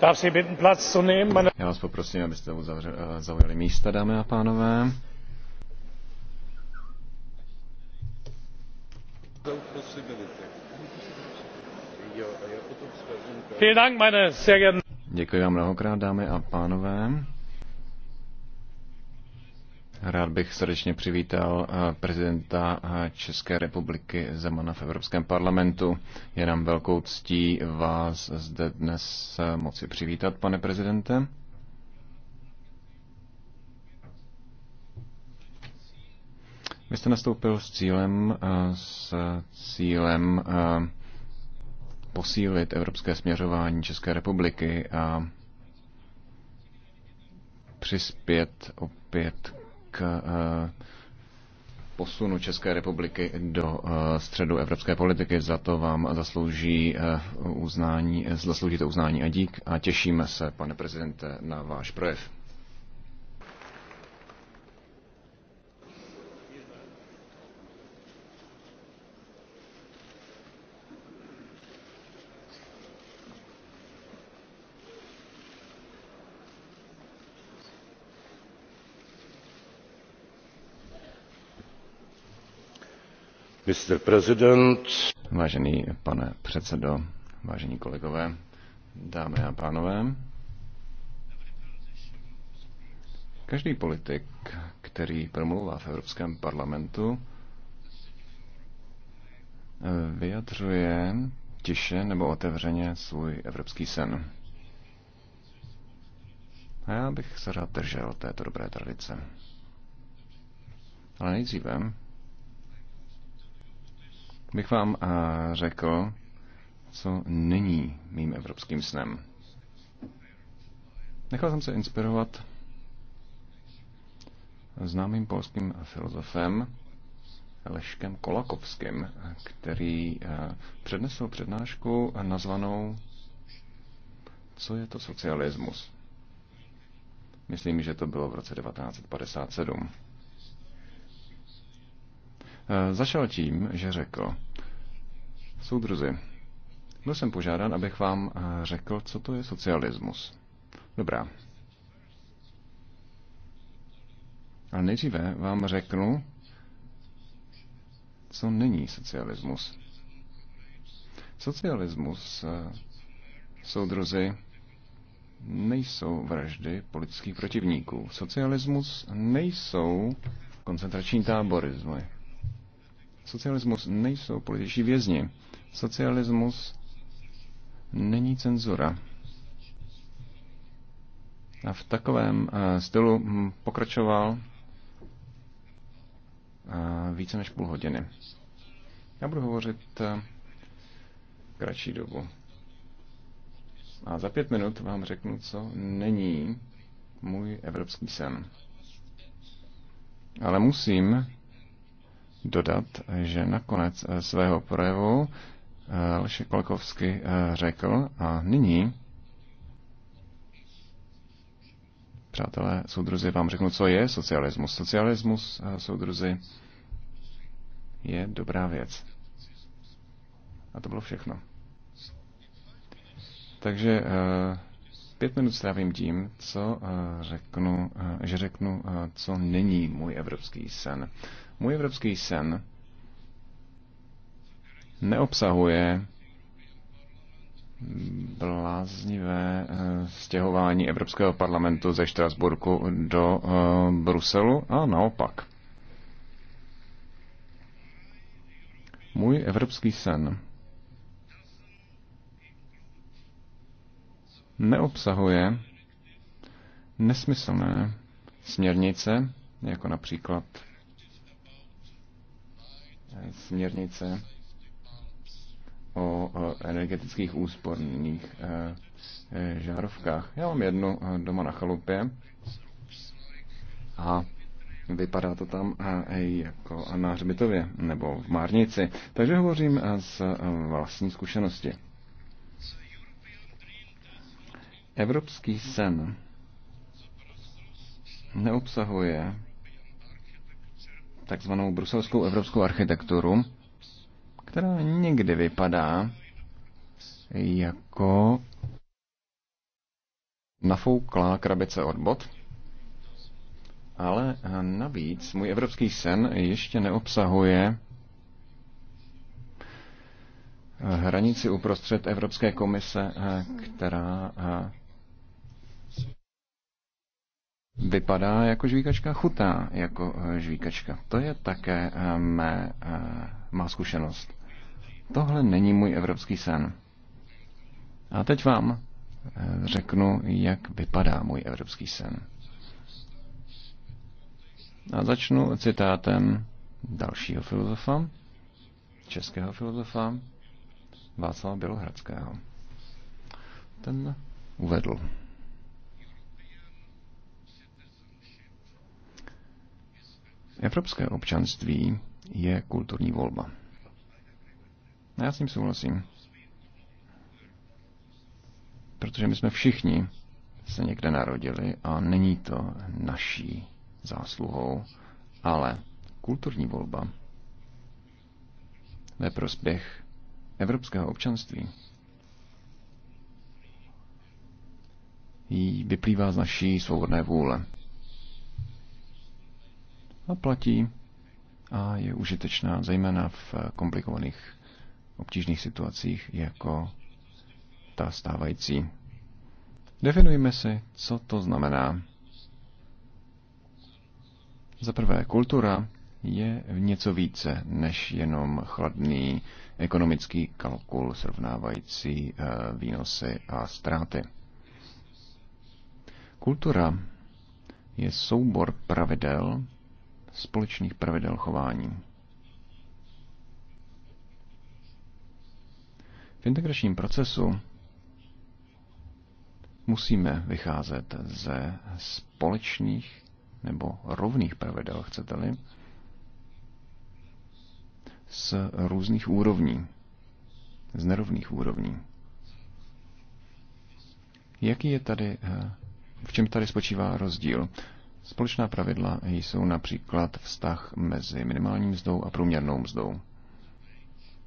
Já vás poprosím, abyste eh, zaujali místa, dámy a pánové. Děkuji vám mnohokrát, dámy a pánové. Rád bych srdečně přivítal eh, prezidenta eh, České republiky Zemana v Evropském parlamentu. Je nám velkou ctí vás zde dnes eh, moci přivítat, pane prezidente. Vy jste nastoupil s cílem, s cílem posílit evropské směřování České republiky a přispět opět k eh, posunu České republiky do eh, středu evropské politiky. Za to vám zaslouží eh, uznání, zaslouží to uznání a dík a těšíme se, pane prezidente, na váš projev. Vážený pane předsedo, vážení kolegové, dámy a pánové. Každý politik, který promluvá v Evropském parlamentu, vyjadřuje tiše nebo otevřeně svůj evropský sen. A já bych se rád držel této dobré tradice. Ale nejdříve bych vám eh, řekl, co není mým evropským snem. Nechal jsem se inspirovat známým polským filozofem Leškem Kolakovským, který eh, přednesl přednášku nazvanou Co je to socialismus? Myslím, že to bylo v roce 1957. Eh, začal tím, že řekl, soudruzi, byl jsem požádán, abych vám eh, řekl, co to je socialismus. Dobrá. Ale nejdříve vám řeknu, co není socialismus. Socialismus, eh, soudruzi, nejsou vraždy politických protivníků. Socialismus nejsou koncentrační tábory. Socialismus nejsou političtí vězni. Socialismus není cenzura. A v takovém eh, stylu hm, pokračoval eh, více než půl hodiny. Já budu hovořit eh, kratší dobu. A za pět minut vám řeknu, co není můj evropský sen. Ale musím dodat, že nakonec eh, svého projevu eh, Lešek Kolkovsky eh, řekl a nyní přátelé, soudruzi, vám řeknu, co je socialismus. Socialismus, soudruzi, je dobrá věc. A to bylo všechno. Takže pět minut strávím tím, co řeknu, že řeknu, co není můj evropský sen. Můj evropský sen neobsahuje bláznivé eh, stěhování Evropského parlamentu ze Štrasburku do eh, Bruselu a naopak. Můj evropský sen neobsahuje nesmyslné směrnice, jako například směrnice o energetických úsporných eh, žárovkách. Já mám jednu eh, doma na chalupě a vypadá to tam eh, jako na hřbitově nebo v Márnici. Takže hovořím z vlastní zkušenosti. Evropský sen neobsahuje takzvanou bruselskou evropskou architekturu, která někdy vypadá jako nafouklá krabice od bot, ale navíc můj evropský sen ještě neobsahuje hranici uprostřed Evropské komise, která vypadá jako žvíkačka, chutá jako eh, žvíkačka. To je také eh, mé, eh, má zkušenost. Tohle není můj evropský sen. A teď vám řeknu, jak vypadá můj evropský sen. A začnu citátem dalšího filozofa, českého filozofa Václava Bělohradského. Ten uvedl. Evropské občanství je kulturní volba. A já s tím souhlasím. Protože my jsme všichni se někde narodili a není to naší zásluhou, ale kulturní volba ve prospěch evropského občanství jí vyplývá z naší svobodné vůle a platí a je užitečná zejména v komplikovaných obtížných situacích jako ta stávající. Definujme si, co to znamená. Za prvé, kultura je v něco více než jenom chladný ekonomický kalkul srovnávající eh, výnosy a ztráty. Kultura je soubor pravidel, společných pravidel chování. V integračním procesu musíme vycházet ze společných nebo rovných pravidel, chcete-li, z různých úrovní, z nerovných úrovní. Jaký je tady, eh, v čem tady spočívá rozdíl? Společná pravidla jsou například vztah mezi minimální mzdou a průměrnou mzdou.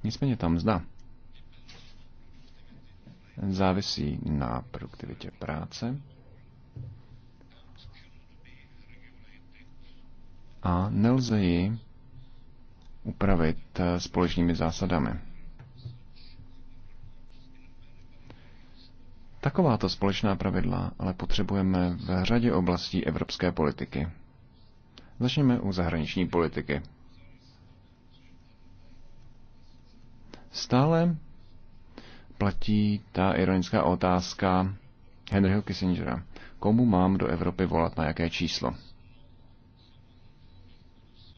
Nicméně tam mzda závisí na produktivitě práce a nelze ji upravit společnými zásadami. Takováto společná pravidla ale potřebujeme v řadě oblastí evropské politiky. Začněme u zahraniční politiky. Stále platí ta ironická otázka Henryho Kissingera. Komu mám do Evropy volat na jaké číslo?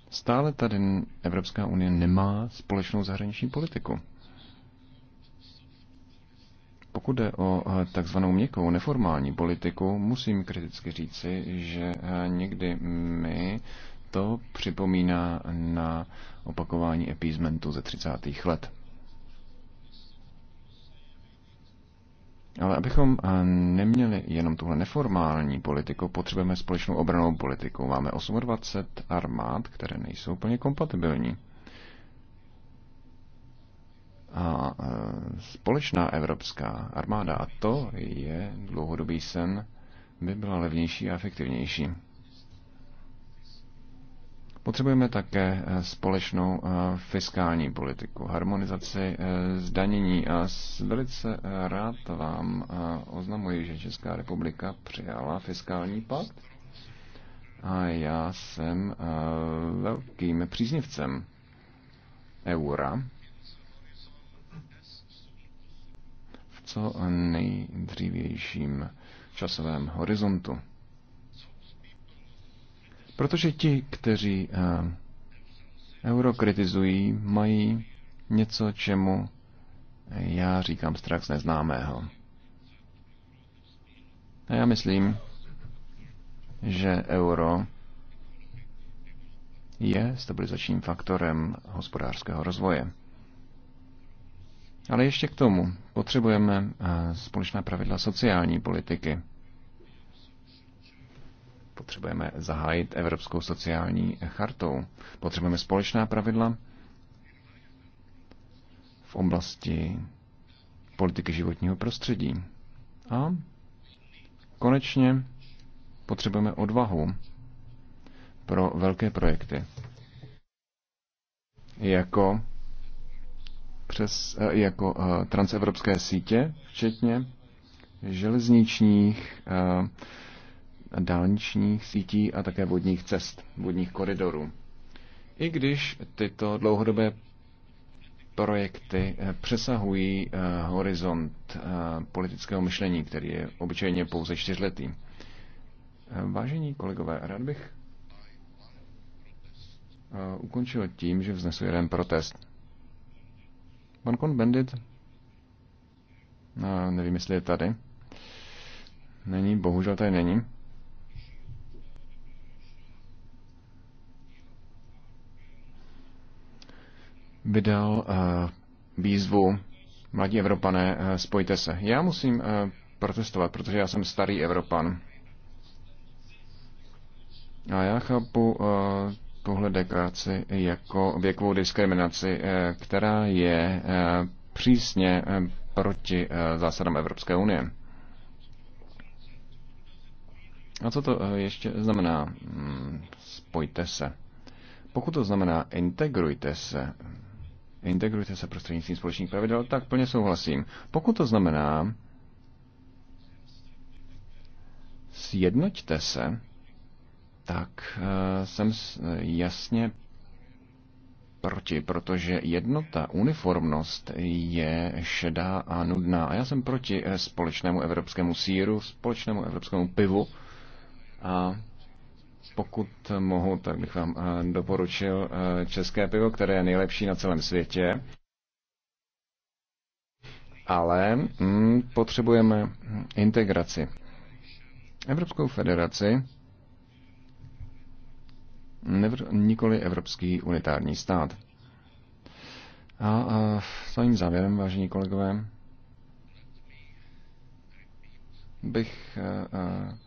Stále tady Evropská unie nemá společnou zahraniční politiku. Pokud jde o eh, takzvanou měkkou neformální politiku, musím kriticky říci, že eh, někdy mi to připomíná na opakování appeasementu ze 30. let. Ale abychom eh, neměli jenom tuhle neformální politiku, potřebujeme společnou obranou politiku. Máme 28 armád, které nejsou úplně kompatibilní a e, společná evropská armáda, a to je dlouhodobý sen, by byla levnější a efektivnější. Potřebujeme také e, společnou e, fiskální politiku, harmonizaci zdanění a velice rád vám oznamuji, že Česká republika přijala fiskální pakt a já jsem velkým příznivcem eura co nejdřívějším časovém horizontu. Protože ti, kteří eh, euro kritizují, mají něco, čemu já říkám strach z neznámého. A já myslím, že euro je stabilizačním faktorem hospodářského rozvoje. Ale ještě k tomu potřebujeme eh, společná pravidla sociální politiky. Potřebujeme zahájit Evropskou sociální chartou. Potřebujeme společná pravidla v oblasti politiky životního prostředí. A konečně potřebujeme odvahu pro velké projekty. Jako přes, eh, jako eh, transevropské sítě, včetně železničních, eh, dálničních sítí a také vodních cest, vodních koridorů. I když tyto dlouhodobé projekty přesahují horizont politického myšlení, který je obyčejně pouze čtyřletý. Vážení kolegové, rád bych ukončil tím, že vznesu jeden protest. Pan Bandit no, nevím, jestli je tady. Není, bohužel tady není. Vydal uh, výzvu Mladí Evropané, uh, spojte se. Já musím uh, protestovat, protože já jsem starý Evropan. A já chápu uh, tuhle deklaraci jako věkovou diskriminaci, eh, která je eh, přísně eh, proti zásadám Evropské unie. A co to ještě znamená? Hmm, spojte se. Pokud to znamená integrujte se, integrujte se prostřednictvím společných pravidel, tak plně souhlasím. Pokud to znamená sjednoťte se, tak eh, jsem eh, jasně proti, protože jednota, uniformnost je šedá a nudná. A já jsem proti eh, společnému evropskému síru, společnému evropskému pivu. A pokud mohu, tak bych vám doporučil české pivo, které je nejlepší na celém světě. Ale hm, potřebujeme integraci. Evropskou federaci nevr, nikoli evropský unitární stát. A, a svým závěrem, vážení kolegové, bych a, a,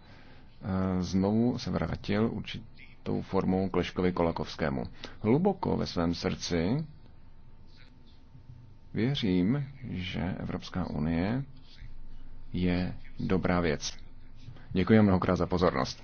znovu se vrátil určitou formou Kleškovi Kolakovskému. Hluboko ve svém srdci věřím, že Evropská unie je dobrá věc. Děkuji mnohokrát za pozornost.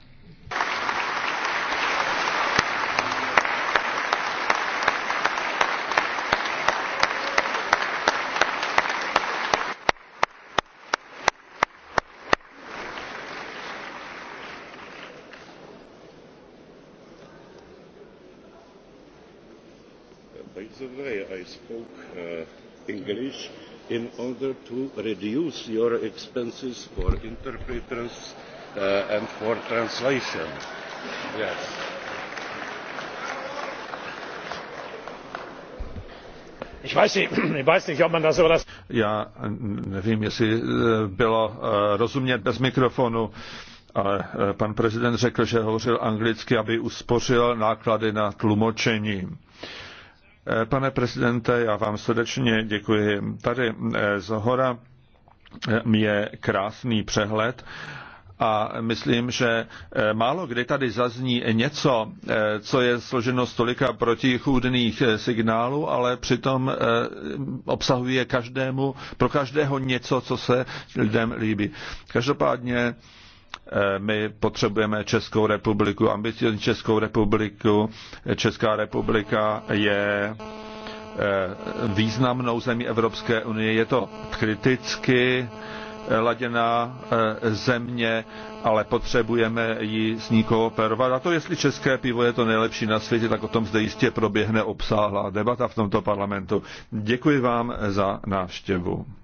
By the way, I spoke uh, English in order to reduce your expenses for interpreters uh, and for translation. Yes. Já nevím, jestli uh, bylo uh, rozumět bez mikrofonu, ale uh, pan prezident řekl, že hovořil anglicky, aby uspořil náklady na tlumočení. Pane prezidente, já vám srdečně děkuji. Tady eh, z hora eh, je krásný přehled a myslím, že eh, málo kdy tady zazní něco, co je složeno z tolika protichůdných signálů, ale přitom obsahuje každému, pro každého něco, co se lidem líbí. Každopádně Eh, my potřebujeme Českou republiku, ambiciozní Českou republiku. Česká republika je eh, významnou zemí Evropské unie. Je to kriticky eh, laděná země, ale potřebujeme ji s ní kooperovat. A to, jestli české pivo je to nejlepší na světě, tak o tom zde jistě proběhne obsáhlá debata v tomto parlamentu. Děkuji vám za návštěvu.